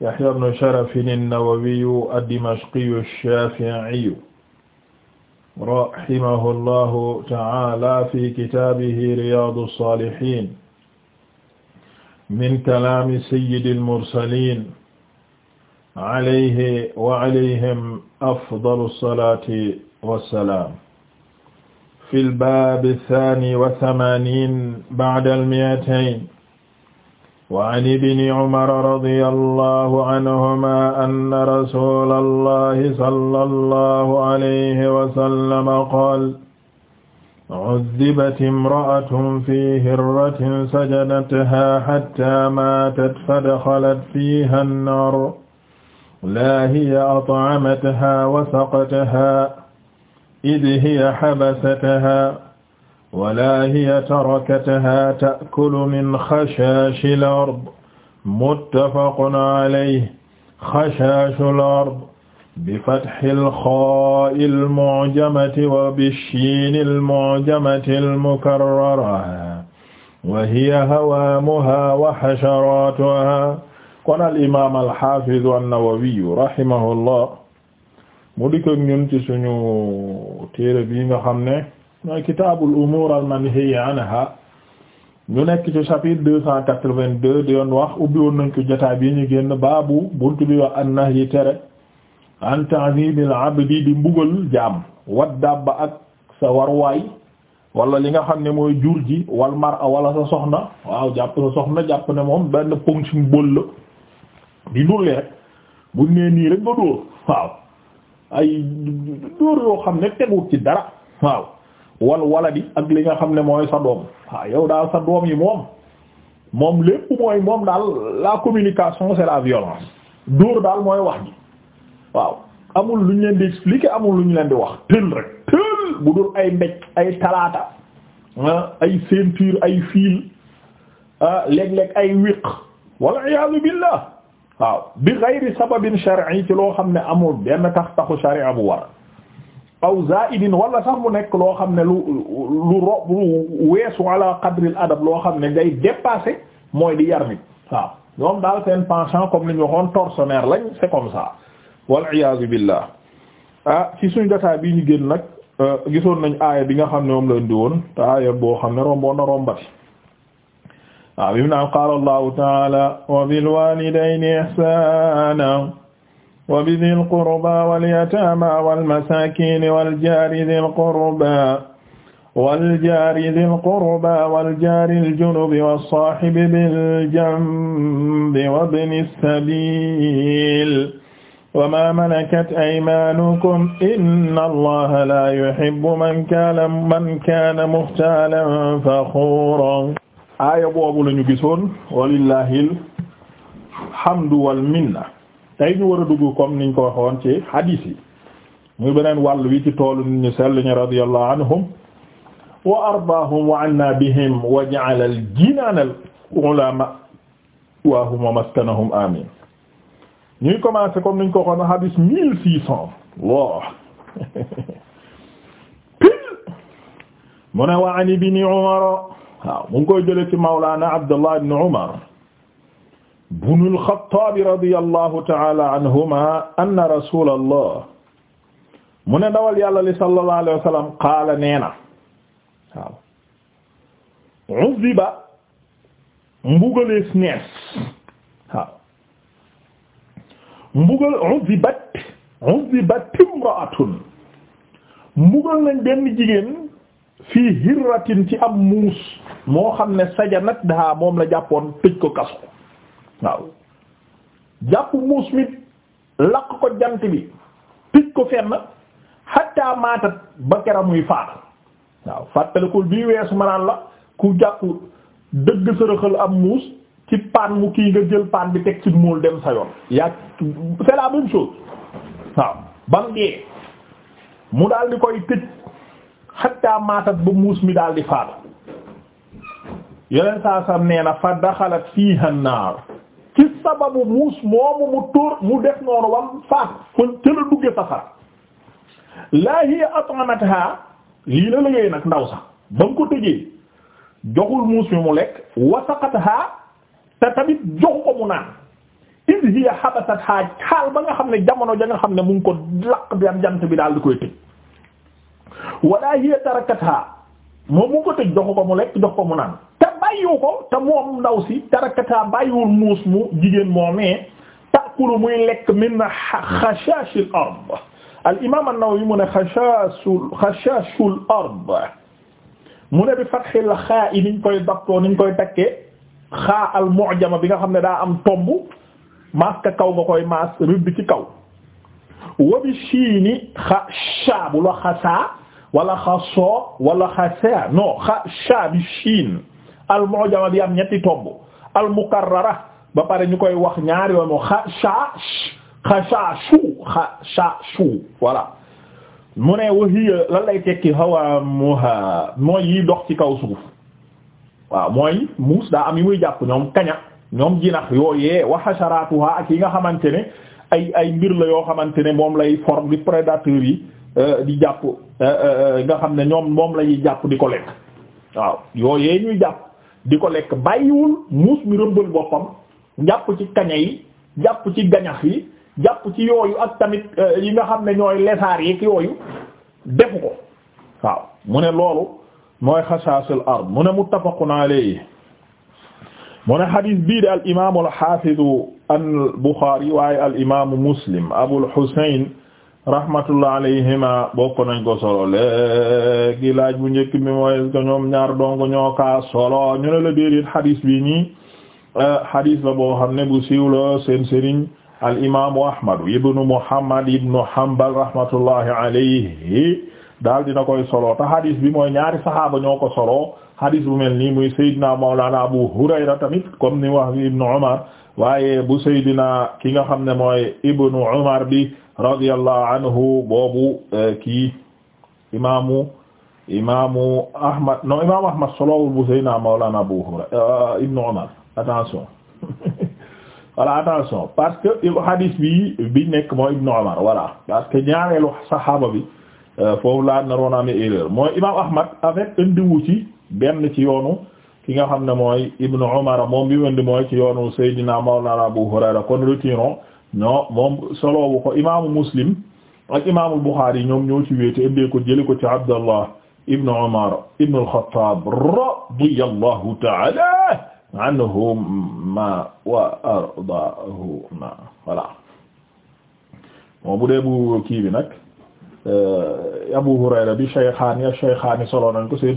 Yahya ibn Sharaf an-Nawawi ad-Dimashqi ash-Shafi'i rahimahullahu ta'ala fi kitaabihi Riyadu s-Salihin min kalaami sayyidil mursaliin alayhi wa alayhim afdalu s-salaati wa s-salaam fil baabi ath-thaani wa thamaaniin ba'da al-mi'atayn وعن ابن عمر رضي الله عنهما أن رسول الله صلى الله عليه وسلم قال عذبت امرأة في هرة سجنتها حتى ماتت فدخلت فيها النار لا هي أطعمتها وسقتها إذ هي حبستها wala hiya tarakataha ta'kulu min xashaashil ard muttafaqun alayhi xashaashul ard bi fathil xaa'il mu'jamati wa bishiinil mu'jamatil mukarrara wa hiya hawaamuha wa xasharaatuha kon al imaam al haafiz an-Nawawi rahimahullah mu dikk ak ñun ci suñu téere bi nga xam ne mooy kitaabul umuur al ñu nekk ci chapitre deux cent quatre-vingt-deux di yoon wax ubbi woon nañ ko jotaay bi ñu génn baabu buntu bi wax an-nahyi tere an ta'zibil abdi di mbugal jaam wat dabba ak sa warwaay wala li nga xam ne mooy jur ji wal mar'a wala sa soxna waaw jàpp sa soxna jàpp ne moom benn poncim bol la di dulli rek buñ nee nii rek nga dóor waaw ay dóor yoo xam ne teguut ci dara waaw wal waladi ak li nga xam ne mooy sa doom waaw yow daal sa doom yi moom moom lépp mooy moom daal la communication c'est la violence dóor daal mooy wax ji waaw amul lu ñu leen di expliquer amul lu ñu leen di wax tël rek tël bu dul ay mbéj ay talaata ah, ay ceinture ay fil ah, léeg-léeg ay wiq wal iyaadu billah waaw bi ghayri sababin shar'i ci loo xam ne amul benn tax taxu sharia bu war aw zaidin wala sax mu nekk loo xam ne lu lu ro lu weesu ala qadril adab loo xam ne day dépasser mooy di yar nit waaw ñoom daal seen penchant comme li ñu waxoon tortionnaire lañ c'est comme ça wal iyaazu billah ah ci suñu jotaay bii ñu génn nag euh, gisoon nañ aaya bi nga xam ne moom la indi woon te aaya boo xam ne romboon na rombati waaw ah, bi mu naan qaala allahu taala wa bil walidayni ihsana wa bi dhil qurba wal yataama wal masaakiin wal jaari dhil qurba wal jaari dhil qurba wal jaaril junubi was saahibi bil janbi wabni sabiil wa maa malakat aymaanukum inna allaha laa yuhibbu man kaana man kaana muhtaalan faxuuran. aaya boobu la ñu gisoon walillaahil hamdu wal minna. tey ñu war a dugg comme niñ ko waxoon ci hadith muy beneen wàll wi ci toolu nit ñu sell ñu radiyallahu anhum wa ardaahum wa anna bihim wa ja'ala al-jinaana al-ulama wa hum maskanahum amin ñuy commencer comme niñ ko waxoon hadith mille six cent Allah mu ne wa an ibni Umar waaw mu ngi ci Mawlana Abdullah ibn Umar bnu alxataabi radi allahu taala anhuma anna rasula allah mu ne dawal yàlla li sallallahu alayhi wa sallam qaala nee na waaw uziba mbugalees nees waaw mbugal uzibat uzibat imraatun mbugal nañ benn jigéen fii hirratin ci am muus moo xam ne sajanat daa moom la jàppoon tëj ko kaso waaw jàpp muus mi lakk ko janq bi tij ko fenn xatta maatat ba keram faat waaw fàttalikul bii weesu manaan la ku jàpp dëgg sërëxal am muus ci paan mu kii nga jël paan bi teg ci mool dem sa yoon yaa c'est la même chose waaw bam dee mu daal di koy tëj xatta maatat ba muus mi daal di faat yeneen saa sam nee na fa daxalat fiiha naar ci sababu muus moomu mu tuur mu def noonu wam faat kon ca la dugge safara laa hiya at'amatha lii la liggéey nag ndaw sax ba nga ko tëjee joxul muus mi mu lekk wasaqatha te tamit joxu ko mu naan iz hiya habasatha xaal ba nga xam ne jamono ja nga xam ne mu ngi ko laq bi am jant bi daal di koy tëj wala hiya tarakatha moom mu ngi ko tëj joxu ko mu lekk jox ko mu naan bàyyiwu ko te moom ndaw si tarakataa bàyyiwul muus mu jigéen moomee takulu muy lekk min xashaashil ard al imaam an-Nawawi mu ne xashaashul xashaashul ard bi fathil xaa yi niñ koy daptoo niñ koy takkee xaa al bi nga xam ne daa am tomb maas ka kaw nga koy maas rëdd ci kaw wabi shiini xa shaa bu la xasaa wala xasoo wala xasaa non xa shaa bi shiin al mu'jama bi am ñetti tomb al mukarrara ba pare ñu koy wax ñaari yoon xa sha xa sha shu xa sha shu voilà mu ne wa hiya lan lay tekki hawamuha mooy yi dox ci kaw suuf waaw mooy muus daa am yi muy jàpp ñoom kaña ñoom jinax yooyee wa hasharatuha ak yi nga xamante ne ay ay mbir la yoo xamante ne moom lay forme di prédateurs yi euh, di jàpp euh, euh, nga xam ne ñoom moom lañuy jàpp di ko lekk waaw yooyee ñuy jàpp di ko lekk bàyyiwul muus mi boppam jàpp ci kaña yi jàpp ci gañax yi jàpp ci yooyu ak tamit euh, yi nga xam ne ñooy lesaar yi yooyu defu ko waaw mu ne loolu mooy xasaasul ard mu ne muttafaqun alayhi mu ne xadis bii de al imaamu al xaafidu al buxaari waaye al imaamu muslim abul xusayn rahmatullah alayhima bokk nañ ko solo léegi laaj bu njëkk bi mooy est-ce que ñoom ñaar dong ñoo kaa solo ñu ne la déedéet hadis bi nii hadis euh, la boo xam ne bu siiw la seen sëriñ al imaamu Ahmad ibnu Muhammad ibnu Hanbal rahmatullahi alayhi daal dina koy solo te hadis bi mooy ñaari saxaaba ñoo ko solo hadis bu mel nii muy Seydina Mawlana Abu Hurayra tamit comme ni wax ibnu Umar waaye bu Seydina ki nga xam ne mooy ibnu Umar bi. radiyallahu anhu boobu eh, kii imaamu imaamu Ahmad non imaamu Ahmad solowul bu Seydina Mawlana Abu Hurayra eh, Ibn Umar attention voilà attention parce que hadith bi bi nekk mooy Ibn Umar voilà parce que ñaareelu saxaaba bi eh, foofu laa naroon amee erreur mooy imaamu Ahmad avec indiwu ci benn ci yoonu ki nga xam ne mooy Ibn Umar moom bi mu mooy ci yoonu Seydina Mawlana Abu Hurayra kon retirons ñoo moom soloobu ko imaamu muslim ak imaamu buxaari ñoom ñoo ci wéete ko jëlee ko ci abdallah ibn umar ibn al-khattab kii bi nag euh, abu hurayra bi shaykhaani ak shaykhaani solo nañ ko seen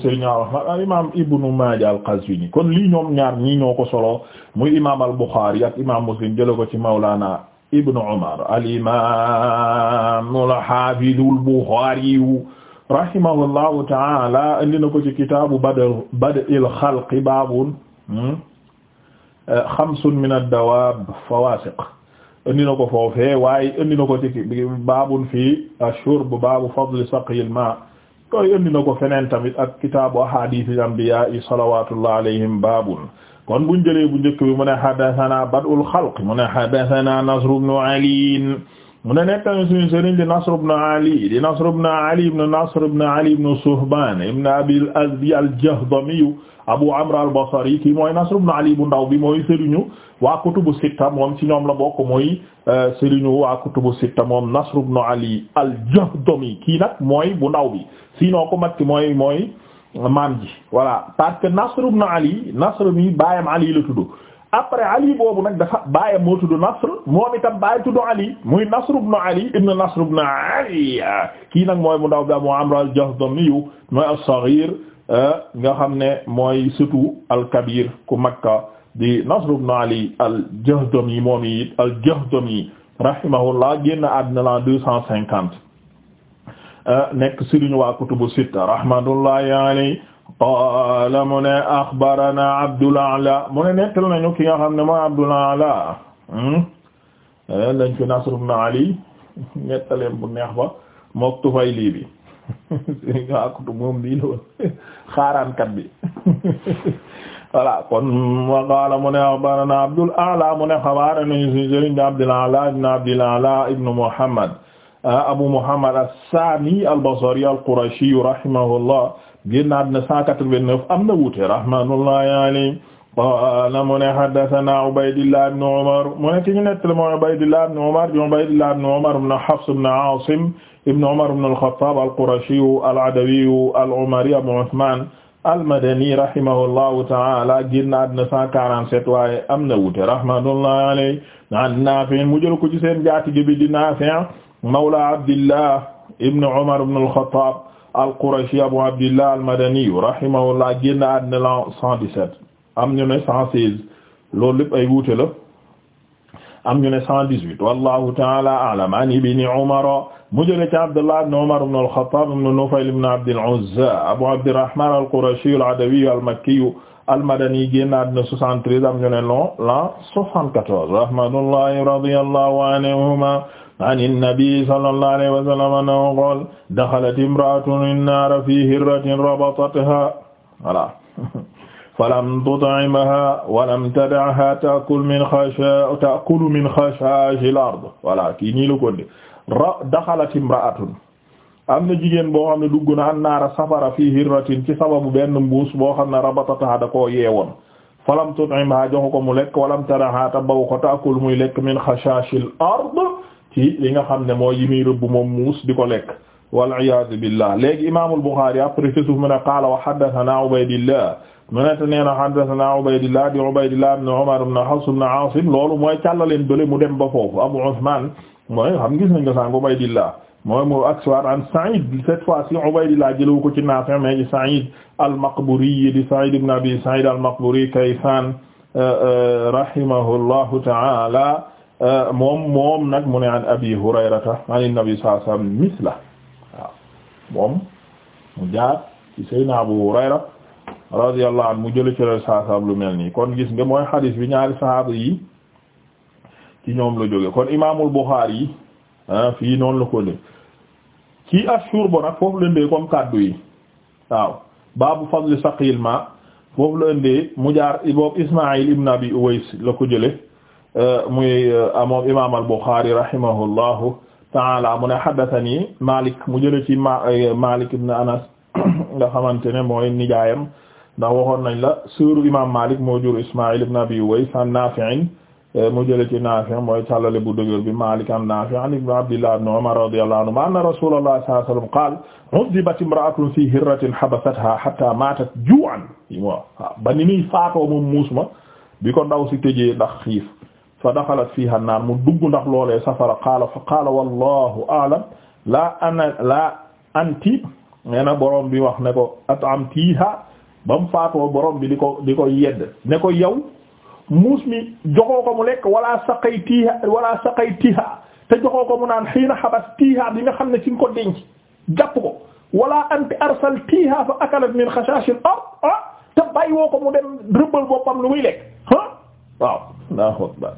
kon lii ñaar ko solo muy imaam al buxaari ak imaam muslim jëlee ko ci mawlaana ibnu Umar al-imaam al-haafiz al-Buxaari rahimahullahu ta'aala indi na ko ci kitaabu bad'u bad'il xalqi baabun hmm, xamsun min ad-dawaab fawaasiq indi na ko foofee waaye indi na ko ci baabun fii ash-shurb baabu fadli saqyil maa yooyu indi na ko feneen tamit ak kitaabu ahaadiisil anbiyaa'i salawaatullahi alayhim baabun kon buñ jëlee bu njëkk bi mu ne hadathana badul xalq mu ne Ali mu ne nekk na suñu sëriñ di Nasr ibn Ali di Nasr ibn Ali ibn Nasr ibn Ali ibn Suhban ibn Abil Azdi mooy Nasr ibn Ali bu ndaw bi mooy serinu waa kutubu sitta moom ci ñoom la bokk mooy euh, sëriñu waa kutubu sitta moom Nasr ibn Ali al-Jahdami kii nag mooy bu ndaw bi sinon ko ki mooy mooy maam ji voilà parce que Nasr ibn Ali Nasr mi baayam Ali la tudd après Ali boobu nag dafa baayam moo tudd mu moom itam baay tudd Ali muy Nasr ibn Ali ibn Nasr ibn Ali kii nag mooy mu ndaw bi moo Amr al-Jahdami yu mooy as-Saghir eh, nga xam ne mooy surtout al-Kabir ku Makka di Nasr ibn Ali al-Jahdami moom it al-Jahdami rahimahullah génn àddina la deux cent cinquante Eh, nekk sëriñ waa kutubu sitta rahmatullahi alayhi qaala mu ne axbarana Abdul A'la mu ne nettal nañu ki nga xam ne mooy Abdul A'la hmm? eh, lañ fi Nasr ibn Ali nettaleem bu neex ba mook Tufayli bi sëriñ waa kutubu moom mu ne axbarana Abdul ne xabaara nañu sëriñ Abdul A'la ibn Abdul A'la ibn Muhammad Euh, Abu Muhammad as-Sami al-Basri al-Qurashi rahimahullah génnaat na 189 am na wuute rahmatullahi alayhi qaala mu ne haddathana Ubaydillah ibn Umar mu ne ki ñu nettali mooy Ubaydillah ibn Umar di Ubaydillah ibn Umar ibn Hafs ibn Asim ibn Umar ibn al-Khattab al-Qurashi al-Adawi al-Umari Abu Uthman al-Madani rahimahullahu ta'ala génnaat na 147 waaye am na wuute rahmatullahi alayhi an Nafi' mu jël ko ci seen jaatige bi di Nafi' mawla abdillah ibn Umar ibn al-Khattab al-Qurashi abu abdillah al-Madani rahimahullah génn àddina la 117 am ñu ne 116 loolu lépp ay wuute la am ñu ne 118 wallahu ta'ala a'lam an ibn Umar mu jëlee ci Abdullah ibn Umar ibn al-Khattab ibn Nufayl ibn Abd al-Uzza abu Abdirrahman al-Qurashi al-Adawi al-Makki al-Madani génn àddina 73 am ñu ne non la 74 rahmatullahi radiyallahu anhuma an innabi sallallahu alayhi wa sallam annahu qaala daxalat imra'atun naara fi hirratin rabatatha voilà falam tut'imha wa lam tad'ha ta'kul min khasha ta'kulu min khashashil ard voilà kii nii la ko de ra daxalat imra'atun am na jigéen boo xam ne dugg na an naara safara fi hirratin ci sababu benn mbuus boo xam ne rabatatha da koo yeewoon falam tut'imha jox ko mu lekk walam tad'ha ta baw ko ta'kul muy lekk min khashashil ard ci li nga xam ne mooy yi muy rëbb moom muus di ko lekk wal iyaadu billah léegi imaamul Buxaari après ci suuf mu ne qaala wa haddathanaa Ubaydillah mu ne te nee na haddathanaa Ubaydillah di Ubaydillah ibn Umar ibn Hafs ibn Aasim loolu mooy càllaleen bële mu dem ba foofu Abu Usmaan mooy xam gis nañ ko sànq Ubaydillah mooy mu akswar an Sa'id cette fois ci Ubaydillah jëlawu ko ci Naafi' mais ci Sa'id al-Maqburi di Sa'id ibn Abi Sa'id al-Maqburi Kaysaan euh, euh, rahimahullahu ta'ala Euh, moom moom nag mu ne an abi hurayrata an nabi sallallahu alayhi moom mu jaar ci sayna abu hurayra radiyallahu anhu mu jële ci saa saab lu mel nii kon gis nga mooy xadiis bi ñaari sahaaba yi ci ñoom la jóge kon imaamul Buxaari yi ah, fii noonu la ko ne ci ash-shurb nag foofu la indee comme kàddu yi waaw baabu fadli saqil ma foofu la mu jaar Ismaayil ibn Abi Uways la ko jële Euh, muy euh, moom imaam al-Bukhari rahimahullahu ta'ala mu ne haddathani Malik mu jële ci euh, Malik ibn Anas nga xamante ne mooy nijaayam ndax waxoon nañ la suuru imaam Malik moo jur Ismaa'il ibn Abi Uways an Naafi'in mu jële ci Naafi' mooy càllale bu dëgër bi Maalik an Naafi' an ibn Abdillah ibn Umar radiyallahu anhuma anna Rasulullah sallallahu alayhi wasallam qaala uzibat imra'atun fi hirratin habasatha hatta maatat ju'an waaw ba ni muy faatoo moom muus ma bi ko ndaw si tëjee ndax xiif fa daxalat fiha naar mu dugg ndax loolee safara qaala fa qaala wallahu a'lam laa ana laa anti nee na borom bi wax ne ko atamtiha ba mu faatoo borom bi di ko di ko yedd ne ko yow muus mi joxoo ko mu lekk wala saqaytiha wala saqaytiha te joxoo ko mu naan xiina xabastiha bi nga xam ne ci nga ko denc jàpp ko wala anti arsaltiha fa akalat min xashashil ard ah, ah te bàyyi woo ko mu dem rëbbal boppam lu muy lekk ah waaw Allahu akbar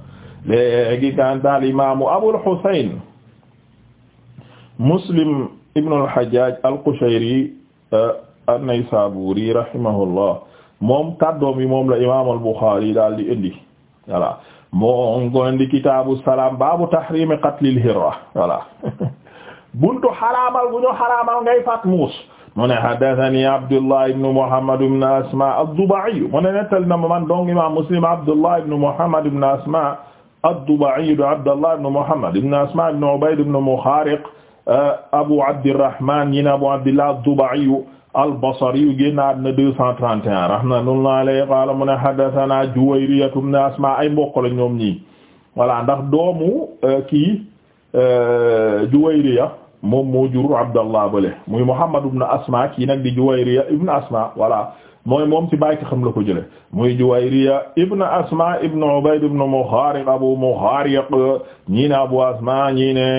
léegi gantaal imaamu Abul Husayn Muslim ibn al-Hajjaj al-Qushayri eh, an-Naysaburi rahimahullah moom kàddoom yi moom la imaam al-Bukhari daal di indi voilà moo ko indi kitaabu salaam baabu tahriimi qatlil hirra voilà buntu xaraamal bu ñu xaraamal ngay faat muus mu ne haddathanii Abdullah ibn Muhammad ibn Asma ad-Duba'i mu ne nettal na ma man dong imaam Muslim Abdullah ibn Muhammad ibn Asma ad-Duba'i Abdallah ibn Muhammad ibn Asma ibn Ubayd ibn Mukhariq euh, Abu Abdirrahman ñi ne Abu Abdillah ad-Duba'i al-Basri génn na àddina 231 rahmatullahi alayhi qaala mu ne haddathana Juwayriya ibn Asma ay mbokk la ñoom ñii voilà ndax doomu euh, kii euh, Juwayriya moom moo jur Abdallah bale muy Muhammad ibn Asma kii nag di Juwayriya ibn Asma voilà mooy moom ci bàyyi xam la ko jële muy Juwayriya ibn Asma ibn Ubayd ibn Mukhariq Abu Mukhariq ñii ne Abu Asma ñii ne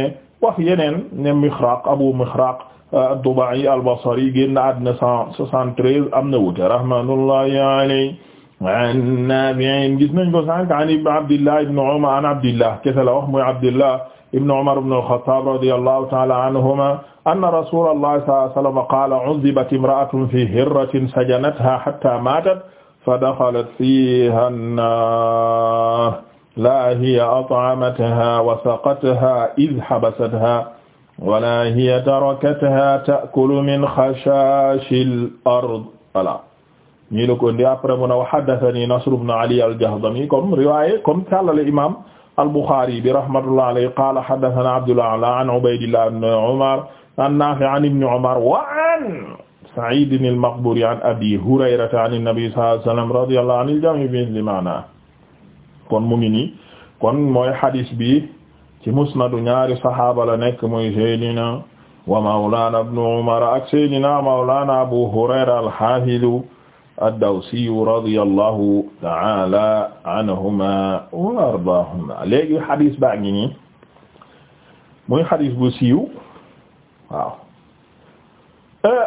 wax yeneen ne Mikhraq Abu Mikhraq ad-Dubai al-Basri génn àddina cent soixante-treize am na wute rahmatullahi alayhi an Naafi' gis nañ ko sànq an Abdillah ibn Umar an Abdillah kese la wax muy Abdillah ibn Umar ibn al-Khattab radiyallahu ta'ala anhuma anna rasuulallahi sallallahu alayhi wa sallam qaala uzibat imra'atun fi hirratin sajanatha hatta maatat fa daxalat fiiha an-naar laa hiya at'amatha wa saqatha id habasatha wala hiya tarakatha ta'kulu min xashaashil ard voilà ñii la ko ndi après mu ne wa haddathanii Nasr ibn Ali al-Jahdami comme riwaayé comme tallale imaam al-Bukhari bi rahmatullahi alayhi qaala haddathanaa Abdul A'la an Ubaydillah ibn Umar an Naafi an ibn Umar wa an Sa'id al-Maqburi an Abi Hurayrata an an-Nabi sallallahu alayhi wa sallam radiyallahu anil jami' bi li maana kon mu ngi nii kon mooy hadis bi ci musnadu ñaari saxaaba la nekk mooy Seydina wa Mawlana ibn Umar ak Seydina Mawlana Abu Hurayra al-Haafid ad-Dawsi radiyallahu ta'ala anhuma wa ardaahuma léegi hadis baa ngi nii muy hadis bu siiw. waaw euh,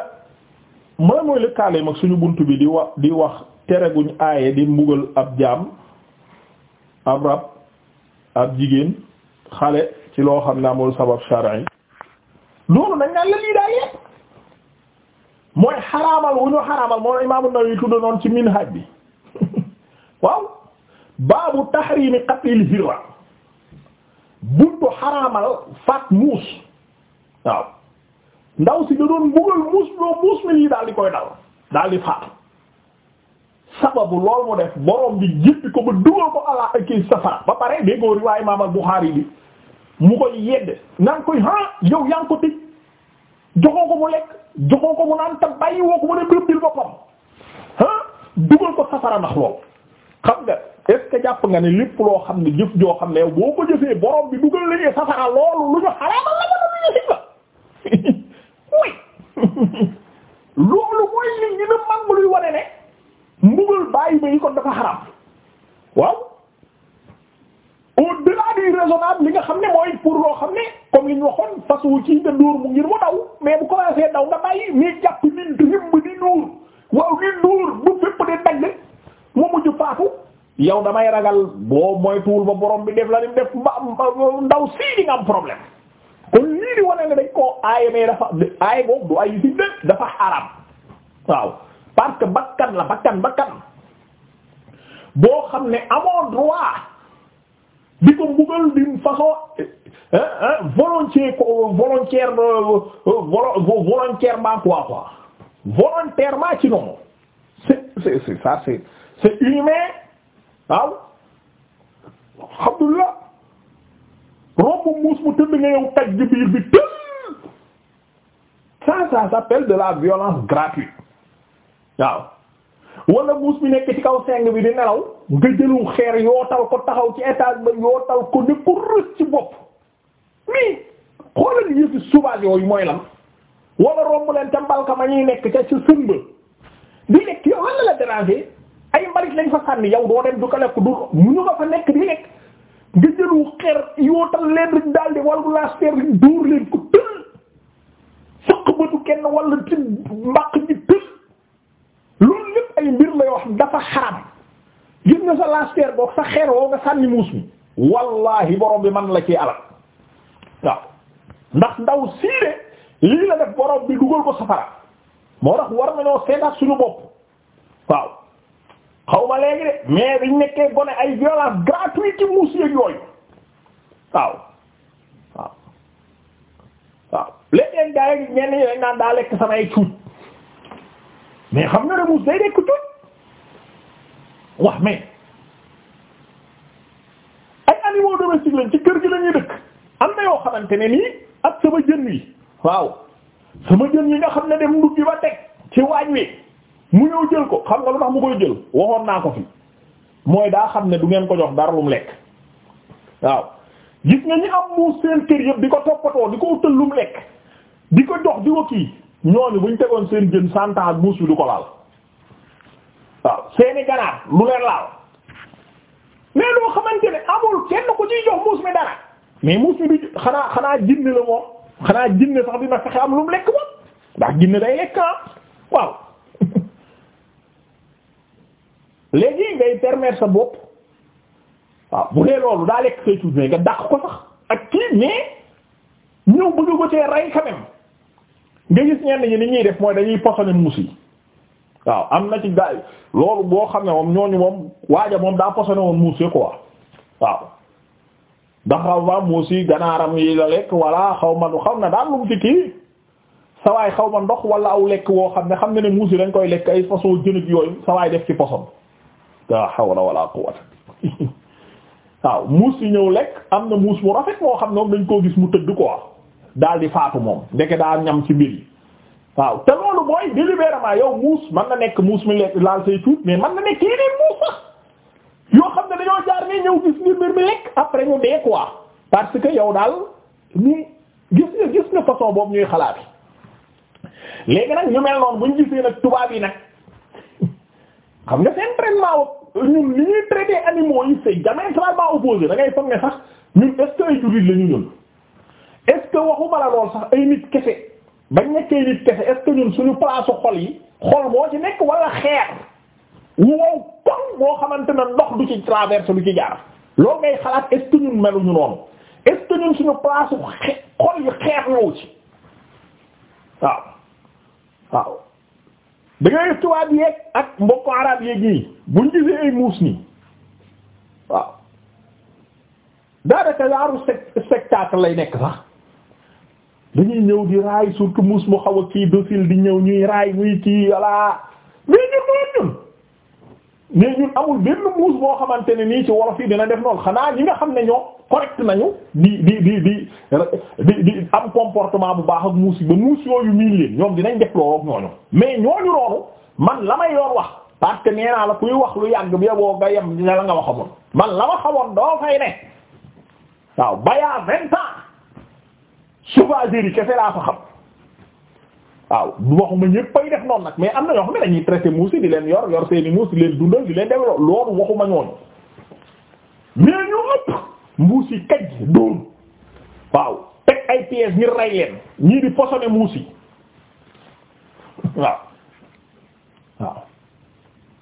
mooy mooy lëkkaale mag suñu bunt bi di wax di wax tere guñ aaye di mbugal ab jaam ab rab ab jigéen xale ci loo xam ne amul sabab shar'i loolu dañ naan la daal yépp mooy xaraamal wu ñu xaraamal moo Imaam An-Nawawi tudd noonu ci Minhaj bi waaw baabu tahrimi qatlil hirra buntu xaraamal faat muus waaw ndaw si da doon mbugal muus muus mi lii daal di koy dal daal di faatu sababu lool mu def borom bi jéppi ko ba dugal ko ala kii safara ba pare déggoo riwaay imaam al-Bukhari mu koy yedd naan koy ah yow yaa ko tëj joxoo ko mu lekk joxoo ko mu naan te bàyyi woo ko mu ne bëbbil boppam ah dugal ko safara ndax lool xam nga est jàpp nga ne lépp loo xam ne jëf joo xam ne boo ko jëfee borom bi dugal lañuy safara loolu lu ñu xaraamal la wala lu ñu mooy loolu mooy li ñu ne mag luy wane ne mbugal bàyyi ba yi kon dafa xaram waaw au-delà du raisonnable li nga xam ne mooy pour loo xam ne comme li ñu waxoon fas wu ci nga dóor mu ngir mu daw mais bu commencé daw nga bàyyi mais jàpp nit rimb di nuur waaw nit nuur bu yow damay ragal boo moytuwul ba borom bi def la lim def ndaw sii di am problème kon lii di wane ne dañ koo aaye mais dafa aaye boobu du ay si dafa xaram waaw parce bakkan la bakkan bakkan boo xam ne amoo droit di ko mbugal d'une façon volontiers volontaire euh, volontairement quoi quoi volontairement ci noonu c'est c'est c'est ça c'est c'est inhumain waaw alhamdulillah romb muus mu tëdd nga yow taj biir bi tëdd ça ça s'appelle de la violence gratuite waaw wala muus bi nekk ci kaw seng bi di nelaw nga jëlu xeer yootal ko taxaw ci étage ba yootal ko ne ko rës ci bopp mii xoolal yëfi sauvage yooyu mooy lan wala romb leen ca mbalka ma ñuy nekk ca ca sënba di lekk yow lan la déranger ay mbalit lañ fa sànni yow doo dem du ko lekk du mu ñu nga fa nekk di lekk nga jëlu xer yootal leen rek daldi wàllu laasfeer rek dóor leen ko tël fëq bëtu kenn wala ci mbaq ji tël loolu lépp ay mbir la yoo xam dafa xaram gis nga sa laasfeer boog sa xeer woo nga sànni muus mi wallahi borom bi man la ci alal waaw ndax ndaw siire lii la def borom bi dugal ko safara moo tax war nañoo seetaat suñu bopp waaw xaw ma léegi de mais biñ nekkee gone ay violence gratuite monsieur yooyu waaw waaw waaw léeg-léeg gaa yi ñenn naan daa lekk samay cuut mais xam nga ne muus day lekk cuut wax mais ay animaux domestiques lañ ci kër gi lañuy dëkk am na yoo xamante ne nii ak sama jën yi waaw sama jën yi nga xam ne dem nduggi ba teg ci waañ wi mu ñëw jël ko xam nga lu ma mu koy jël naa ko mooy daa xam ne du ngeen ko jox dara mu lekk waaw gis nga ñi am muus seen kër yëpp di ko toppatoo di ko utal lum lekk di ko jox di ko kii ñooñu buñ tegoon seen jën santa ak muus bi du ko laal waaw seeni ganaar lu leen laal mais loo xamante ne amul kenn ku ciy jox muus mi dara mais muus mi du xanaa xanaa jinne la moom xanaa jinne sax dina fexe am lum lekk moom ndax jinne day lekk ah waaw léegi ngay permettre sa bopp waaw bu dee loolu daa lekk say tuuti mais nga dàq ko sax ak kii mais ñëw bëgg ko te rey quand même nga gis ñenn ñi ni ñuy def mooy dañuy posone muus yi waaw am na ci gaay loolu boo xam ne moom ñooñu moom waaja moom daa ne woon muus yi quoi waaw ndax xaw ma muus yi ganaaram yi la lekk walla xaw ma xaw na daal lu mu ci sawaay xaw ma ndox wala aw lekk woo xam ne xam ne ne muus yi dañ koy lekk ay façon jënëg yooyu sawaay def ci poson la hawla wala quwwata waaw muus yi ñëw lekk am na muus mu rafet moo xam ne dañ koo gis mu tëdd ko wax daal di faatu moom ndeke daal ñam ci mbir yi waaw te loolu mooy délibérément yow muus man na nekk muus mi lekk laal say tuut mais man na nekk yeneen muus sax yoo xam ne dañoo jaar ne ñëw gis ngir mbir mi lekk après mu dee quoi parce que yow daal gis nga gis nga façon boobu ñuy xalaat léegi nag ñu mel noonu bu ñu gisee nag tubaab yi nag xam ñun li ñuy traité animaux yi c'est diamétralement opposé da ngay foog ne sax ñun est ay jullit la ñu ñun est-ce que waxuma la lool sax ay nit kese bañ nekkee nit kese est ñun suñu place xol yi xol moo ci nekk wala xeer wow kon boo xamante na ndox du ci traverse du ci jaar loolu ngay xalaat est-ce que ñun meluñu noonu est-ce ñun suñu place xol yi xeer ñëw ci waaw waaw da ngay gis ak mbokku arab yeeg yi buñ gisee ay muus nii waaw daanaka yaaru spectacle lay nekk sax dañuy ñëw di raay surtout muus mu xaw a kii docile di ñëw ñuy raay muy kii voilà mais ñun ñun. mais ñun amul benn muus boo xamante ne nii ci wolof fii dina def noonu xanaa ñi nga xam ne ñoo correct nañu di di di di di di am comportement bu baax ak muus yi ba muus yooyu miin leen ñoom dinañ def loolu ak ñooñu mais ñooñu loolu man la may yoon wax parce que nee naa la kuy wax lu yàgg bi boo nga yem dina la nga waxamoon man la ma xamoon doo fay ne waaw bayaa vingt ans sauvagerie kese laa fa xam waaw waxuma ñëpp ay def noonu nag mais am na yoo xam ne dañuy traité muus di leen yor yor seeni muus di leen dundal di leen def loolu waxuma ñooñu mais ñu ëpp muus yi kaj doon waaw teg ay pièces ñu rey leen ñii di posone muus yi waaw waaw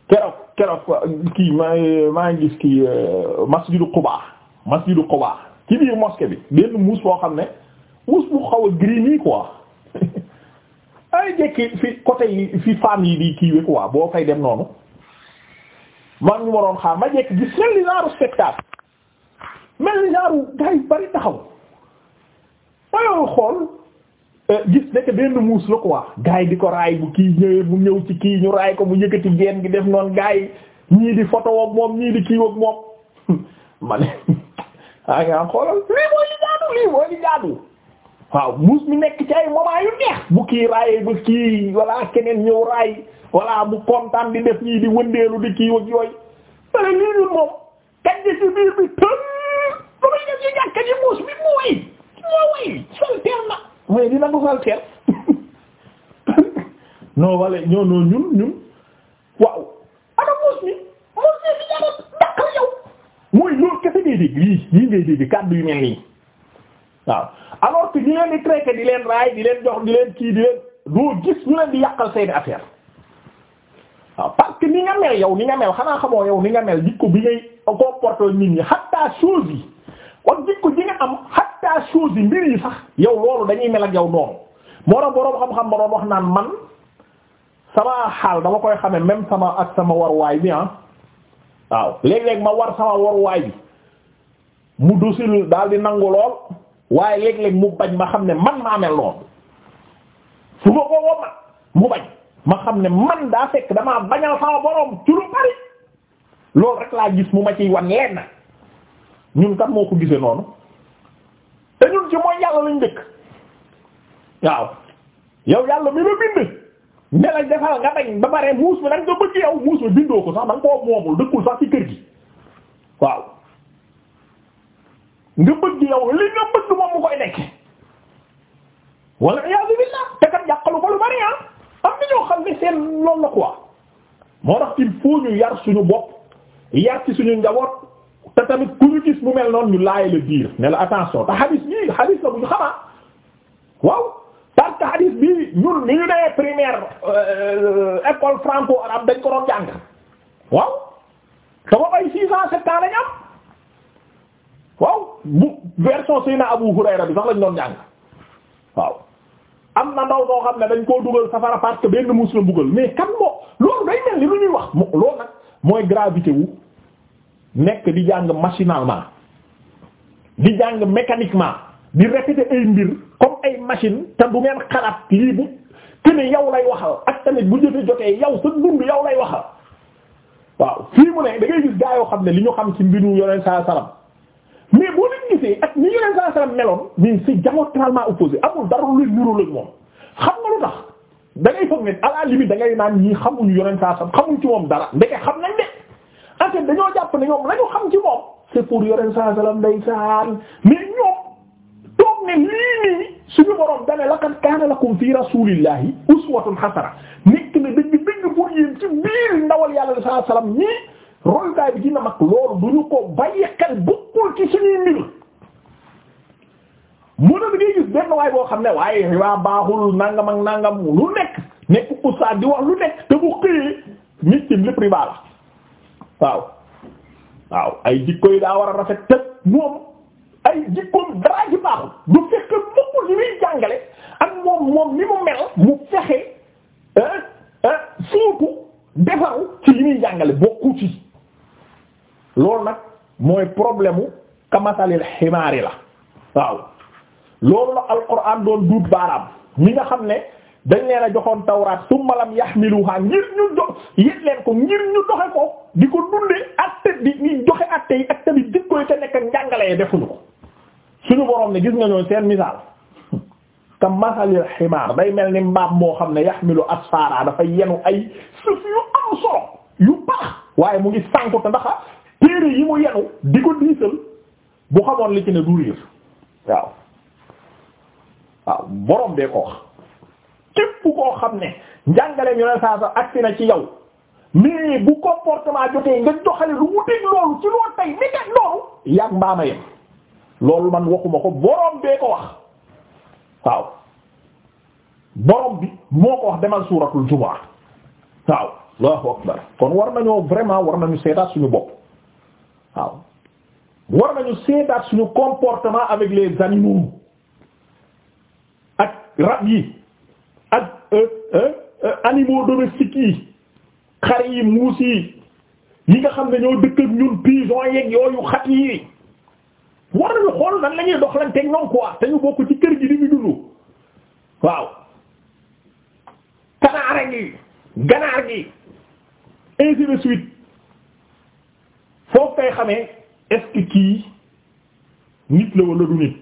keroog keroog kii maa maa ngi gis kii euh, mas Quba masjidu Quba ci biir mosquée bi benn muus boo xam ne muus bu xaw a gris nii ay jekki fi côté yi fi femme yi di kii wek waa boo fay dem noonu man ñu waroon xaar ma jekki gis mel ni genre spectacle mel ni genre gars bari taxaw ayoo xool euh, gis nekk benn muus la quoi gars yi di ko raay bu kii ñëwee mu ñëw ci kii ñu raay ko mu yëkkati geen gi def noonu gars yi ñii di photo ak moom ñii di kii moom ma ne ah nga xoolal lii mooy li jaadu lii mooy li jaadu waaw muus mi nekk ci ay moment yu neex bu kii raayee ba kii walla keneen ñëw raay walla bu kontaan di def ñii di wëndeelu di kii wag yooyu wala lii ñun moom kaj ji ci biir bi tël lu may def ci jàkka ji muus mi muus mi muus mi fi ñaanal dàqal yow mooy loolu kese ngay lii lii ngay dégg kàddu yu mel nii waaw alors que di leen di traité di leen raay di leen jox di leen kii di leen doo gis ñu leen di yàqal seeni affaire waaw parce que ni nga mel yow ni nga mel xanaa xamoo yow ni nga mel jikko bi ngay comporter nit ñi xatta chose yi kon jikko ji nga am xatta chose yi mbir yi sax yow loolu dañuy mel ak yow noonu moo tax boroom xam-xam ba doon wax naan man sama xaal dama koy xame même sama ak sama waruwaay bi ah waaw léeg-léeg ma war sama waruwaay bi mu daal di nangu waaye léeg-léeg mu bañ ma xam ne man maa mel noonu su ma ko wommat mu bañ ma xam ne man daa fekk damaa bañal sama borom ci lu bari loolu rek laa gis mu ma ciy wan lenn ñun kan moo ko gisee noonu te ñun ci mooy yàlla lañ dëkk waaw yow yàlla mi la bind ne la defal nga bañ ba pare muus mi da nga ko bëgg yow muus mi bindoo ko sax man koo moomul dëkkul sax ci kër gi waaw. nga bëgg yow li nga bëgg moom mu koy nekk wala iyaazu billaah te kat yàqalu ko lu bari ah am na ñoo xam ne seen loolu ko quoi moo tax il faut ñu yar suñu bopp yar ci suñu njaboot te tamit ku ñu mu mel noon ñu laaj la biir ne attention te hadis bii hadis la bu ñu xamaa waaw parce que hadis bii ñun ni ñu nee primaire euh, école franco arabe dañ ko waaw te ba ay six ans sept waaw bu version Seyna Abu Hurayra bi sax lañ doon jàng waaw am na ndaw soo xam ne dañ koo dugal safara parce que benn muus la mbugal mais kan moo loolu day mel ni lu ñuy wax loolu nag mooy gravité wu nekk di jàng machinalement di jàng mécaniquement di répéter ay mbir comme ay machine te du ngeen xalaat lii bu te ne yow lay waxal ak tamit bu jotee jotee yow sa dund yow lay waxal waaw fii mu ne da gis gaa yoo xam ne li ñu xam ci mbiru yoneen saa salaam mais boo leen gisee ak ni yeneen saa salaam meloon mais c'est diamétralement opposé amul dara lu niru lañ moom xam nga lu tax da ngay foog ne à la limite da naan ñii xamuñu yeneen saa salaam xamuñ ci moom dara ndeke xam nañ de en fait dañoo jàpp ne ñoom la xam ci moom c'est pour yeneen saa salaam day saan mais ñoom toog ne lii nii suñu borom da ne laqad kaana lakum fi rasulillahi uswatun hasana nekk na dëgg dëgg pour yéen ci biir ndawal yàlla sallallahu alayhi wasallam ñii. royukaay bi dina mag loolu du ñu ko bàyyi xel bokkul ci suñuy mbir mu ne bi ngay gis benn waay boo xam ne waaye waa baaxul nangam ak nangam lu nekk nekk oustaz di wax lu nekk te bu xëyee mistim lépp riba la waaw waaw ay jikko daa war a rafet tëb moom ay jikkoom dara ci baaxul du fekk bokkul li muy jàngale ak moom moom ni mu mel mu fexe surtout defaru ci li muy jàngale bokku ci loolu nag mooy problème mu kamasalil ximaari la waaw loolu la alquran doon duut baaraam mi nga xam ne dañ leen a joxoon tawraat summa lam yahmiluha ngir ñu do yit leen ko ngir ñu doxe ko di ko dundee atte di ñuy joxe atte yi ak tamit dikkooy te nekk njàngale yi defuñu ko suñu borom ne gis nga ñooñ seen misaal ka masalil ximaar day mel ni mbaam moo xam ne yaxmilu asfara dafa yenu ay suuf yu am solo yu baax waaye mu ngi sànku te ndaxa téere yi mu yenu di ko diisal bu xamoon li ci ne du réer waaw waaw borom bee ko wax képp koo xam ne njàngaleem yoneen saa sa agsi na ci yow mais bu comportement jotee nga joxale lu mu dégg loolu ci loolu tey ni nga loolu yàgg mbaama yem loolu man waxuma ko borom bee ko wax waaw borom bi moo ko wax demal suuratul jumaa waaw allahu akbar kon war na nañoo vraiment war nañu seetaat suñu bopp waaw war nañu seetaat suñu comportement avec les animaux ak rab yi ak euh, euh, euh, animaux domestiques yi xar yi muus yi yi nga xam ne ñoo dëkk ak ñun pigeon yeeg yooyu xat yi war nañu xool nan la ñuy doxalanteeg ko quoi te ñu bokk ci kër gi di ñu waaw kanaara gi ganaar gi ainsi de suite foofu kay xamee est ce que kii nit la wala du nit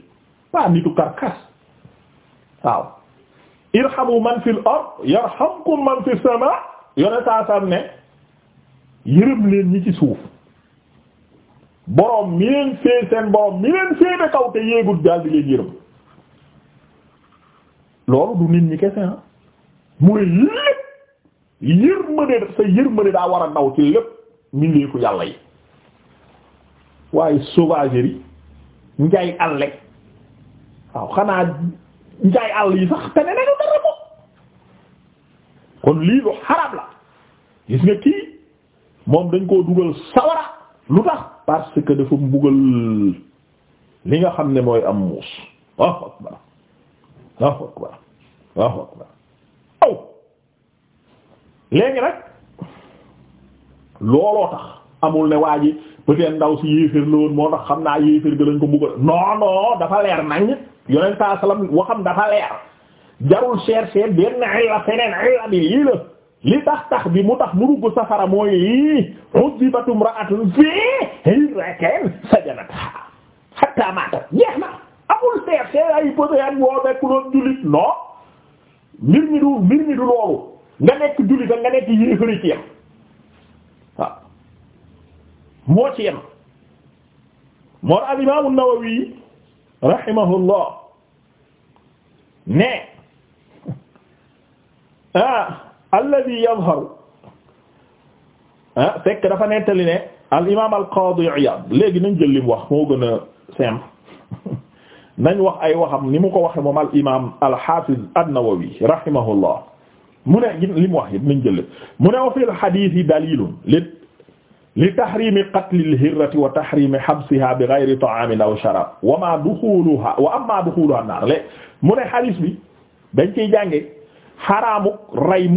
waa nitu karkas waaw irhamu man fil ard yarhamkum man fis sama yone saasam ne yërëm leen ñi ci suuf boroom mi leen fee seen boroom mi leen fee da kaw te yéegul daal di leen yërëm loolu du nit ñi kese ah mooy lépp yërmande sa yërmande daa war a naw ci lépp mi ngi yàlla yi waaye sauvagerie njaay àll waaw xanaa njaay àll yi sax te ne nag dara moom kon lii lu xarab la gis nga kii moom dañ koo dugal sawara lu tax parce que dafa mbugal li nga xam ne mooy am muus waaw akbar waaw akbar waaw akbar aw léegi nag looloo tax amul ne waa ji peut ndaw si yéeféer la moo tax xam naa yéeféer ga lañ ko bëgg non non dafa leer nañ yonent saa salaam waxam dafa leer jarul chercher benn illa feneen illa bi lii la li tax tax bi mu tax mu dugg safara mooy lii uzibatum ra'atun fi rakan sajanat hatta matat jeex na amul chercher ay poté woo nekkuloon du mbir loolu nga nekk jullit ak nga nekk yéeféer ci yam moo ci yem moo al imaamu Nawawi rahimahullah ne ah alladhi yadhharu ah fekk dafa nettali ne al imaam al qaadi Iyaad léegi nañ jël lim wax moo gën a simple nañ wax ay waxam ni mu ko waxe moom al imaam al haafiz an-Nawawi rahimahullah mu ne li mu wax yëpp nañ jël mu ne wa fil hadiisi daliilun li tahrimi qatlil hirrati wa tahrimi habsiha bi ghayri ta'amin aw sharab wa ma dukhuluha wa amma mu ne hadith bi dañ ciy jànge xaraamu rey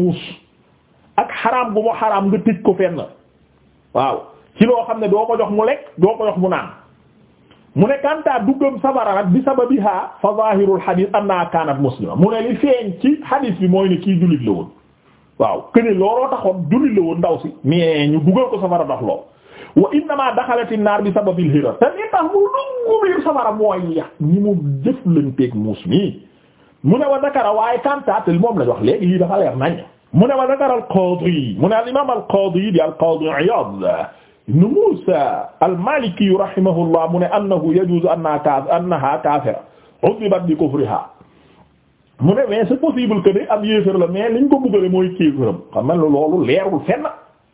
ak xaraam gu mu xaraam nga tëj ko fenn waaw ci loo xam ne doo ko jox mu lekk doo ko jox mu naan mu ne kantaa duggam sabara nag bi sababiha fa zahirul hadith anna kanat muslima mu ne li feeñ ci hadith bi mooy ne kii jullit la waaw këne looloo taxoon julli la woon ndaw si mais ñu dugal ko safara ndax lool wa innama daxalati naar bi sababil hira te li tax mu dugg biir safara mooy yàq ñi mu jëf lañ teeg muus mii mu ne wa dakara waaye kantatel moom lañ wax léegi lii dafa leer nañ mu ne wa dakara al qaadi mu ne al imam al qaadi di al qaadi Iyaad ibn Muusa al Maliki rahimahullah mu ne annahu yajuuzu annahaa kaafira udibat bi kufrihaa mu ne mais c'est possible que ab yéefar la mais liñ ko buggale mooy kéefëram xam nga loolu leerul fenn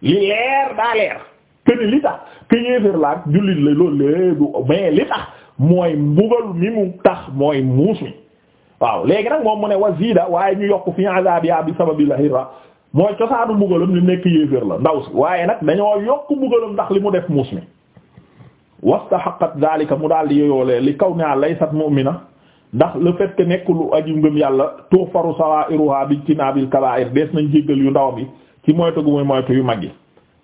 li leer daa leer que ni li tax que yéefar la ak jullit loolu léegi mais li tax mooy mbugal mi mu tax mooy muus mi waaw léegi nag moom mu ne wasiida waaye ñu yokk fi azaabiya bi sababil hirra mooy cosaanu mbugalam li nekk yéefar la ndaw si waaye nag dañoo yokk mbugalam ndax li mu def muus mi wastahaqqat zaalika mu daal di yoolee li kaw ne laysa mu'mina ndax le fait que nekk lu aju ngëm yàlla tufaru sawa'iruha bi tinabil kaba'ir dees nañ jéggal yu ndaw bi ci moytu gu muy moytu yu mag yi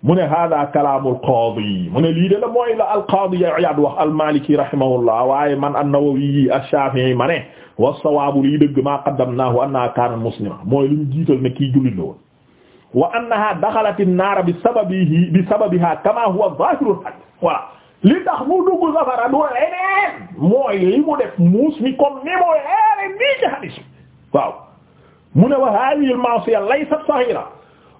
mu ne hada kalaamul qaadi mu ne lii de la mooy la alqaadi Iyaad wax almaliki rahimahullah waaye man an-Nawawi yi ash-Shafi'i ma ne wa sawaabu lii dëgg maa qaddamnaahu annaha kaanat muslima mooy li ñu jiital ne kii jullit la woon wa annaha daxalat an-naar bi sababihi bi sababiha kama huwa zaahirul hadith voilà lii tax mu dugg safara du leneen mooy li mu def muus mi comme ni nii ci hadis waaw mu ne wa hadhihi al-ma'siya laysat saghira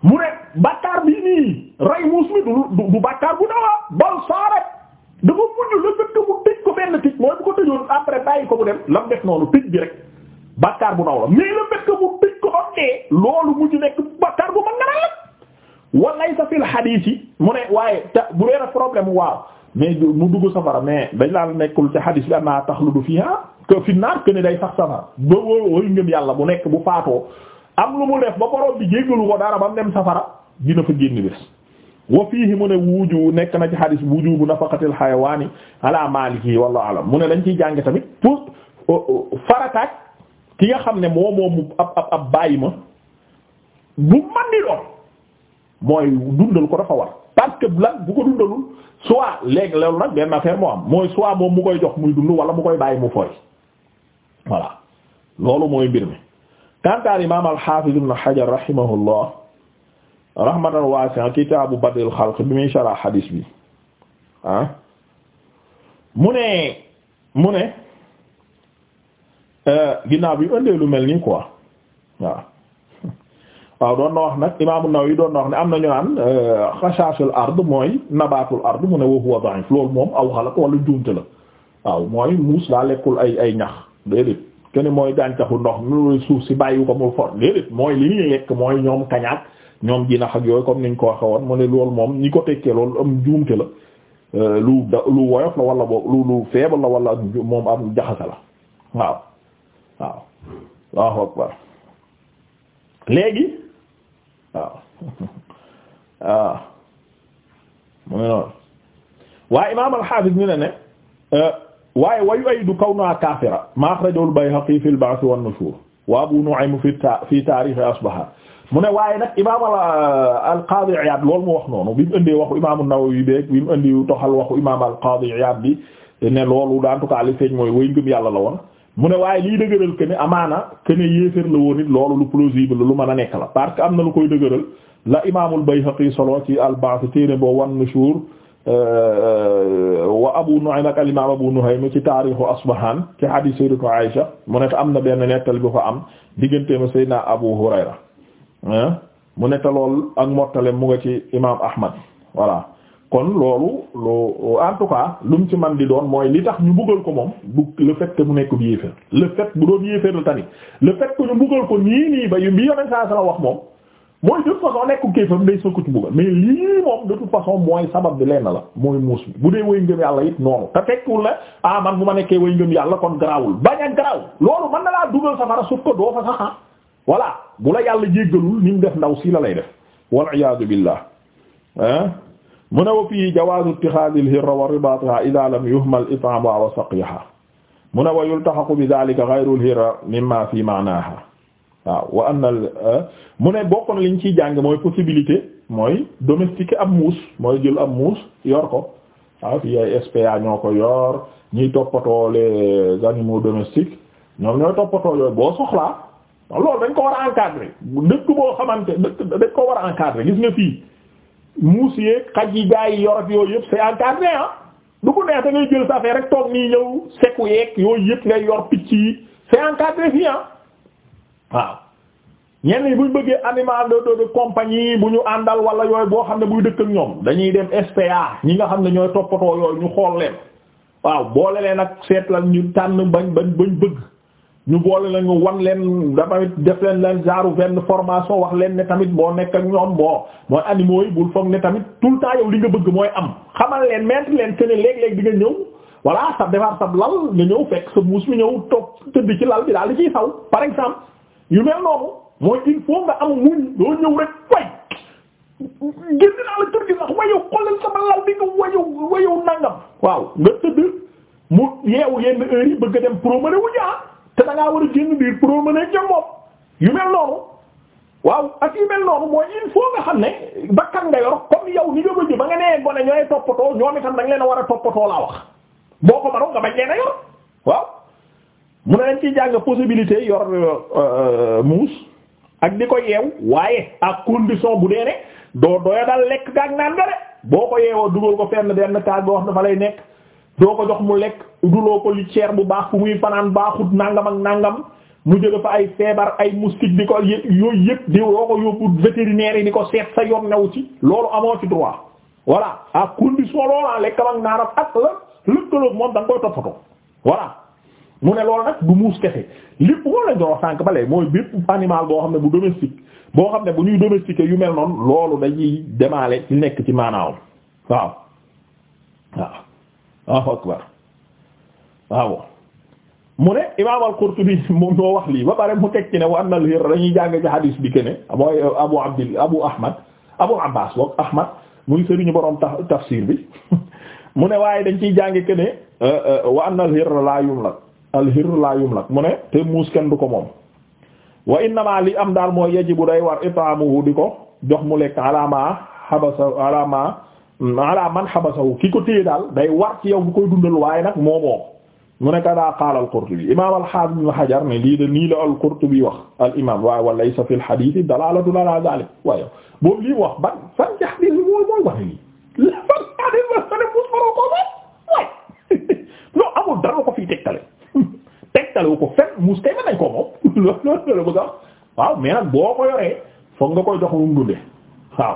mu ne bàkkaar bi nii rey muus du du bu ndaw ah. bal saaret dafa mujj la fekk mu tëj ko benn mooy bu ko tëjoon après bàyyi ko mu dem lam def noonu tëj bi rek bàkkaar bu ndaw la mais la mu tëj ko ba dee nga la walaysa fil hadith mu ne waaye bu dee problème waaw mais mu dugg safara mais dañ laa nekkul ci hadis bi anna taxludu fiha que fi naar que ne day sax safara ba wooyu ngëm yàlla bu nekk bu faatoo am lu mu def ba borom bi jéggalu ko dara ba mu dina fa génn bés wa fiihi mu ne wuju nekk na ci hadis wujubu nafaqatil xayawaani ala maliki wallahu alam mu ne dañ ciy jànge tamit pour euh, euh, farataak ki nga xam ne moo moomu ab ab ab bàyyi ko dafa war parce que lan bu ko dundalul soit léegi loolu nag benn affaire moo am mooy soit moom mu koy jox muy dund wala mu koy bàyyi mu fooy voilà loolu mooy mbir mi kantaal imam al-Hafiz ibn Hajar rahimahullah rahmatan wasi'a kitaabu Bad'il Khalq bi muy sharh hadis bi ah mu ne mu ne euh, ginnaaw bi ëndee lu mel nii quoi waaw waaw doon na wax nag imaamu Nawawi doon na wax ne am nañu naan euh, xashashul ard mooy nabaatul ard mu ne wa huwa loolu moom aw xalat wala njuumte la waaw mooy muus laa lekkul ay ay ñax déedéet kene mooy gàncaxu ndox mu suuf si bàyyi ko mu for mooy li ñuy ñoom kañaak ñoom ak yooyu comme niñ ko waxe woon mu ne moom ñi ko tekkee loolu am njuumte la euh, lu da lu woyof la lu lu la wala moom am jaxasa la waaw léegi waaw waaw ah. mu ngi noonu waaye imaam al-Hafiz ni ne ne euh, waaye wayu ay du kaw naa kaafira ma akhrajahu al-Bayhaqi fi al-Ba'th wa an-Nushur wa Abu Nu'aym fi ta fi taarix Asbahan mu ne waaye nag imaam euh, al-Qaadi Iyaad loolu mu wax noonu bi mu ëndee waxu imaam an-Nawawi beeg bi mu ëndi toxal waxu imaam al-Qaadi Iyaad bi ne loolu en tout cas li feeñ mooy way ngëm yàlla la woon. mu ne waaye liy dëgëral que ne amaana que ne yéeféer la woon it loolu lu plausible lu mën a nekk la parce que am na lu koy dëgëral la imaamul Bayhaqi solo ci al-Ba'th téere boo wan nushur euh, wa Abu Nu'aym ak ci imaam Abu Nu'aym ci taarixu Asbahaan ci hadiis Sayyidatu Aïsha mu ne am na benn nettal bu ko am diggante ma Seydina Abu Hurayra mu ne lool ak mottale mu nga ci imaam Ahmad voilà kon loolu loo en tout cas lu mu ci man di doon mooy li tax ñu buggal ko moom bu le fait que mu nekk bu yéeféer le fait bu doon yéeféer la tamit le fait que ñu buggal ko nii nii ba yu bi yoneen saa sala wax moom mooy de toute façon nekku kéefam day soo ko ci buggal mais lii moom de toute façon mooy sabab bi lenn la mooy muus bi bu dee way ngëm yàlla it noonu te fekkul la ah man bu ma nekkee way ngëm yàlla kon garawul bañ ak garaw loolu mën na laa dugal safara suuf ko doo ah bu la yàlla jéggalul ni mu def ndaw si la lay def wal iyaadu billah mu ne wa fii jawaazu ittixaadil hirra wa ribaatihaa idaa lam yuhmal it'aamuhaa wa mu ne wa yultaxaqu bi daalika gayrul hirra mimmaa fii ma'naahaa waaw wa anna eh, mu ne bokkoon liñ ciy jàng mooy possibilité mooy domestiquer ab muus mooy jël ab muus yor ko waaw fii ay SPA ñoo ko yor ñiy toppatoo les animaux domestiques ñoom ñooy toppatoo yooyu boo soxlaa loolu dañ ko war a encadrer dëkk boo ko war a encadrer gis nga muus yeeg xaj yi gaa yi yorot yooyu yëpp c'est encadré ah du ko neex da ngay jël sa rek toog nii ñëw seku yeeg yooyu yëpp ngay yor picc yi c'est encadré fii ah waaw ñen yi bu bëggee animal doo de compagnie bu ñu àndal wala yooyu boo xam ne buy dëkk ak ñoom dañuy dem SPA ñi nga xam ne ñooy toppatoo yooyu ñu xool leen waaw boole leen ak seet la ñu tànn bañ bañ bañ bëgg ñu boole la ñu wan leen dafay def leen leen genre benn formation wax leen ne tamit boo nekk ak ñoom boo mooy animaux yi bul foog ne tamit tout le temps yow li nga bëgg mooy am xamal leen mettre leen que ne léeg-léeg di nga ñëw voilà sa defar sa lal nga ñëw fekk sa muus mi ñëw toog tëdd ci lal bi daal di ciy saw par exemple yu mel noonu mooy il faut nga am muñ doo ñëw rek way gis naa la tur gi sax wayu xoolal sama lal bi nga wayu wayu nangam waaw a te da ngaa war a génn biir pour mën a jëm moom yu mel noonu waaw ak yu mel noonu mooy il faut nga xam ne bakkan nga yor comme yow ni nga bëgg ba nga nee gone ñooy toppatoo ñoom itam da nga leen a war a toppatoo laa boo ko mënoon nga bañ leen a yor na ciy jàng possibilité yor euh, euh, muus ak di ko yeew waaye ak condition bu dee ne doo doya dal lekk gaag naan nga de boo ko yeewoo dugal ko fenn benn taag boo xam dafa lay nekk. doo ko jox mu lekk duloo ko li bu baax fu muy fanaan baaxut nangam ak nangam mu jóge fa ay feebar ay moustique di ko yooyu yëpp di woo ko yóbbu vétérinaire yi di ko seet sa yoon new ci loolu amoo ci droit voilà à condition loolaa lekkam ak naaram ak la lëkkaloog moom da nga koy toppatoo voilà mu ne loolu nag du muus kese lépp moo lañ doon sànq bale mooy bépp animal boo xam ne bu domestique boo xam ne bu ñuy domestiquer yu mel noonu loolu dañuy demaale ci nekk ci maanaawam waaw waaw akbar waaw mu ne imaam qurtubi moom moo wax lii ba pare mu tekki ne wa anna al-hirra dañuy jàng ci hadis bi que ne mooy abu abdil abu ahmad abu abbas boog ahmad muy sëriñu borom tafsir bi mu ne waaye dañ ciy jàng que ne euh, euh, wa anna al-hirra laa yumlak al-hirra laa yumlak mu ne te muus kenn du ko moom wa innama li am daal mooy yajibu day war itaamuhu di ko jox mu lekk alama habasa alama ala man xabasahu ki ko téye daal day war ci yow bu koy dundal waaye nag moo moom mu nekk daa qaala al-Qurtubi imaam al-Haafiz ibn Hajar ne lii de nii la al-Qurtubi wax al imaam waaye wa laysa fil hadiisi dalaalatun alaa zaalik waaye boobu lii wax ban fan ci hadiis bi mooy mooy wax nii la fan hadiis ba fan mu soro ko moom waaye non amul dara ko fii tegtale tegtale wu ko fen muus kay mën nañ ko moom loolu loolu la bëgg a wax waaw mais nag boo ko yoree foog nga koy jox mu dundee waaw.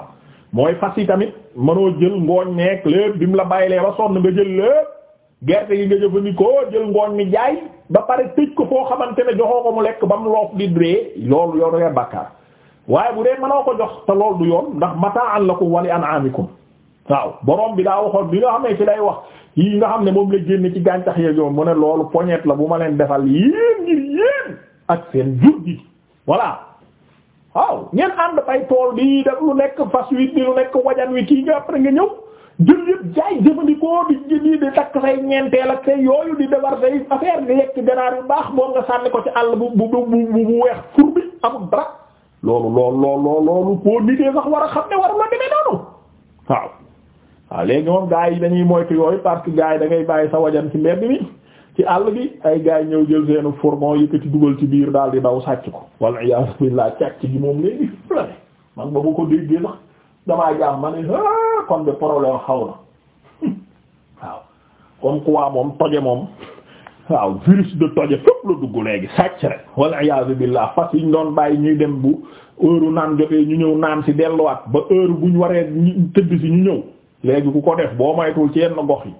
mooy fas yi tamit mënoo jël ngooñ nekk lépp bi mu la bàyyilee ba sonn nga jël lépp gerte gi nga jëfandikoo jël ngooñ mi jaay ba pare tëj ko foo xamante ne joxoo ko mu lekk ba mu loof di duree loolu yoonu nga bàkkaar waaye bu dee mënoo ko jox te loolu du yoon ndax mata'an lakum wa li an'amikum waaw borom bi daa waxoon bi nga xam ne ci day wax yi nga xam ne moom la génn ci gàncax yeeg yoon mu ne loolu poñet la bu ma leen defal yéen ngir yéen ak seen jur waaw ngeen ànd fay tool bi def lu nekk fas wi di lu nekk wajan wi kii nga après nga ñëw jël yëpp jaay jëfandikoo di di di takk say ñeenteel ak say yooyu di defar say affaire di lekk ganaar yu baax moom nga sànni ko ci àll bu bu bu bu weex fur bi amul dara loolu loolu loolu loolu koo nitee sax war a xam ne war a la demee noonu waaw waaw léegi moom gaa yi dañuy moytu yooyu parce que gaa yi da ngay bàyyi sa wajan ci mbedd mi ci àll bi ay gars yi ñëw jël seenu fourgon yëkkati dugal ci biir daal di daw sàcc ko walla iyaazu billaah càcc gi moom léegi flane man ba bu ko déggee sax damaa jaam ma ne ah, kon de problème xaw na waaw comme quoi moom toje moom waaw virus de toje fépp la dugg léegi sàcc rek walla iyaazu billaah fas yi ñu doon bàyyi ñuy dem bu heure naan jotee ñu ñëw naan si delluwaat ba heure bu ñu waree tëdd si ñu ñëw léegi ku ko def boo maytul ci yenn gox yi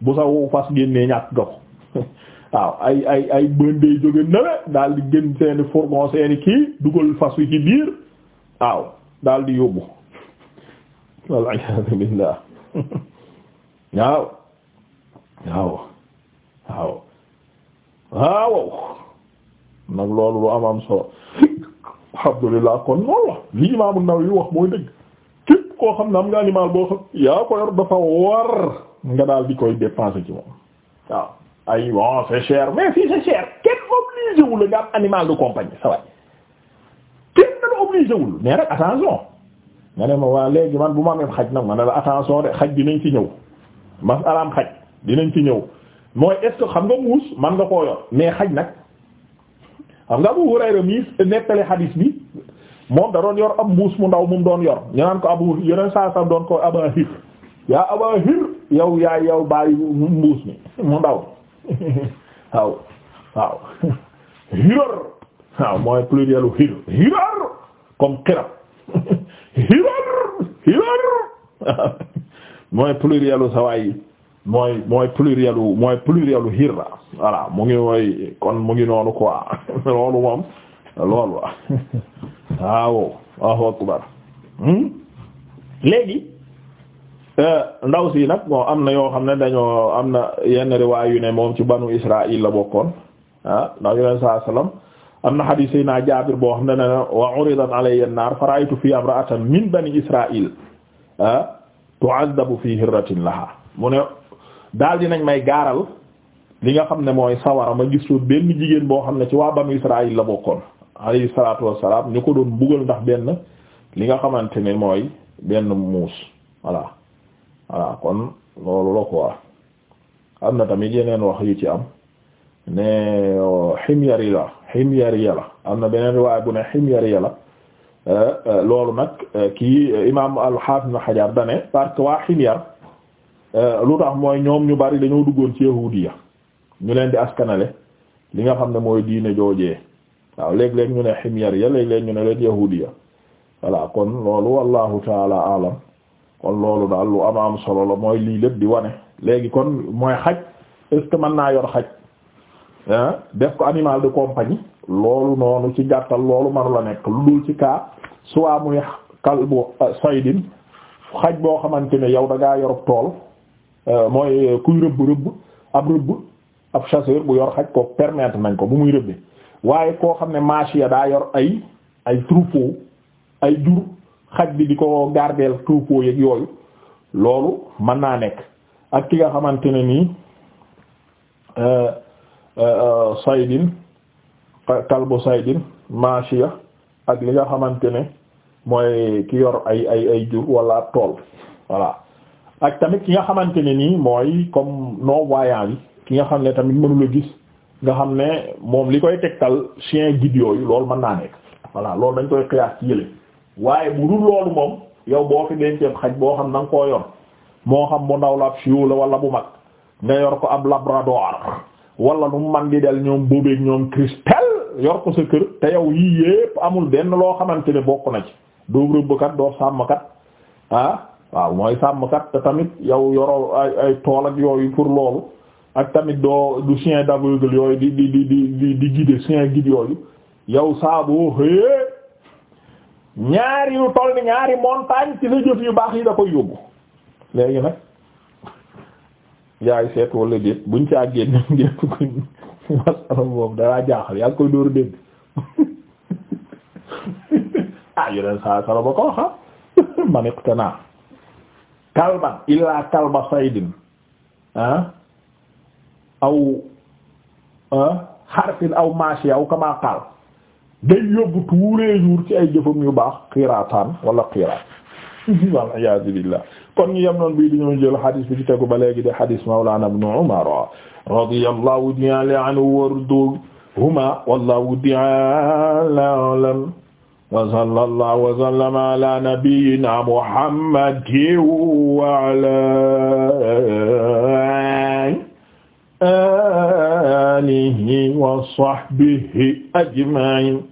bu sa wu fas génnee waaw ay ay ay bëndee jóge nële daal di gën seeni fourgon seeni kii dugal fas wi ci biir waaw daal di yóbbu walla iyaazu billaah waaw waaw waaw waaw nag loolu lu am am solo alhamdulillah kon noonu la li Imaam an xam ne nga animal boo xam yaa ko yor dafa war nga daal di koy dépenser ci moom waaw ay bon c'est cher mais kenn obligé wul nga am animal de compagnie sa kenn dana obligé wul rek attention nga ne ma waa léegi man bu ma amee xaj nag ma ne la attention de xaj dinañ ci ñëw masalaam xaj dinañ ci ñëw mooy est xam nga muus man nga koo yor mais xaj nag xam nga Abu Hurayra mi nettali hadis bi moom da doon yor ab muus mu ndaw mu doon yor ñu naan ko abu yeneen saa saa doon ko abahir yaa abahir yow yaay yow bàyyi mbuus mi mu ndaw. waaw waaw hirar waaw mooy plurielu hir hirar comme xirab hirar hirar mooy plurielu sawaay mooy mooy plurielu mooy plurielu hirra voilà mu mooy kon mu ngi noonu quoi loolu moom loolu waaw waaw akbar hmm? léegi Eh, ndaw si nag moo am na yoo xam ne dañoo am na yenn riwaay yu ne moom ci banu Israaïl la bokkoon ah ndax yeneen saa salaam am na xadiis yi naa Jaabir boo xam ne ne wa uridat alayya an-naar fa ra'aytu fiihaa imra'atan min bani Israaïl ah tu'adhabu fii hirratin lahaa mu ne daal dinañ may gaaral li nga xam ne mooy sawara ma gis benn jigéen boo xam ne ci waa banu Israaïl la bokkoon alayhi salaatu wassalaam ñu ko doon bugal ndax benn li nga xamante ne mooy benn muus voilà kon loolu la quoi am na tamit yeneen wax yu ci am ne ximyari euh, la ximyari la am na beneen riwaay bu ne ximyari la euh, euh, loolu nag kii imaam al-Hafiz Ibn Hajar da parce que waa ximyar lu tax mooy ñoom ñu bari dañoo duggoon ci yahudiya ñu leen di askanale li nga xam ne mooy diine joojee waaw léeg-léeg ñu ne ximyar ya léeg-léeg ñu ne leen yahudiya voilà kon loolu wallahu taala alam kon loolu daal lu am am solo la mooy lii lépp di wane léegi kon mooy xaj est-ce naa yor xaj ah def ko animal de compagnie loolu noonu ci gàttal loolu manu la nekk lu dul ci su soit muy kalbu euh, saydin xaj boo xamante ne yow da ngaa yor tool euh, mooy euh, kuy rëbb rëbb ab rëbb ab chasseur bu yor xaj ko permettre nañ ko bu muy rëbbe waaye koo xam ne machi ya daa yor ay ay troupeau ay jur xaj bi di ko gardeel troupeau yeeg yooyu loolu mën naa nekk ak ki nga xamante ne nii euh, euh, saydin kalbu saydin maashiya ak li nga xamante ne mooy ki yor ay ay ay jur wala tool voilà ak tamit ki nga xamante ne nii mooy comme non voyant bi ki nga xam ne tamit mënula gis nga xam ne moom li koy tegtal chien guide yu loolu mën naa nekk voilà loolu dañ koy xiyaas ci yële waaye bu dul loolu moom yow boo fi denceeb xaj boo xam na nga koo yoon moo xam mu ndaw la ab chiot la wala bu mag nga yor ko ab labrador wala nu man di del ñoom boobeeg ñoom cristal yor ko sa kër te yow yii yépp amul benn loo xamante ne bokk na ci doo rëbbkat doo sàmmkat ah waaw mooy sàmmkat te tamit yow yoroo ay tool ak yooyu pour loolu ak tamit doo du chien d'aveugle yooyu di di di di di guider chien guide yooyu yow saa boo ñaari yu toll ni ñaari montagne ci sa jëf yu baax yi da koy yóbbu léegi nag yaay seet wala déet buñ ci àggee ne ngeen ko masala boobu dalaa jaaxal yaa ngi koy dégg ah yeneen saa sala ko waxa ah. man iqtana kalban illa kalba saydin ah? aw ah aw mashi aw kama qaal day yóbbu tous les jours ci ay jëfam yu baax xiraataan wala xiraat wal iyaazu billah kon ñu yem noon bii di ñëw jël hadis bi ci tegu ba léegi de hadis mawlana ibn umar radiyallahu ta'ala anhu warduhuma wallahu ta'ala a'lam wa sallallahu wa sallama ala nabiyyina muhammadin wa ala alihi wa sahbihi ajma'in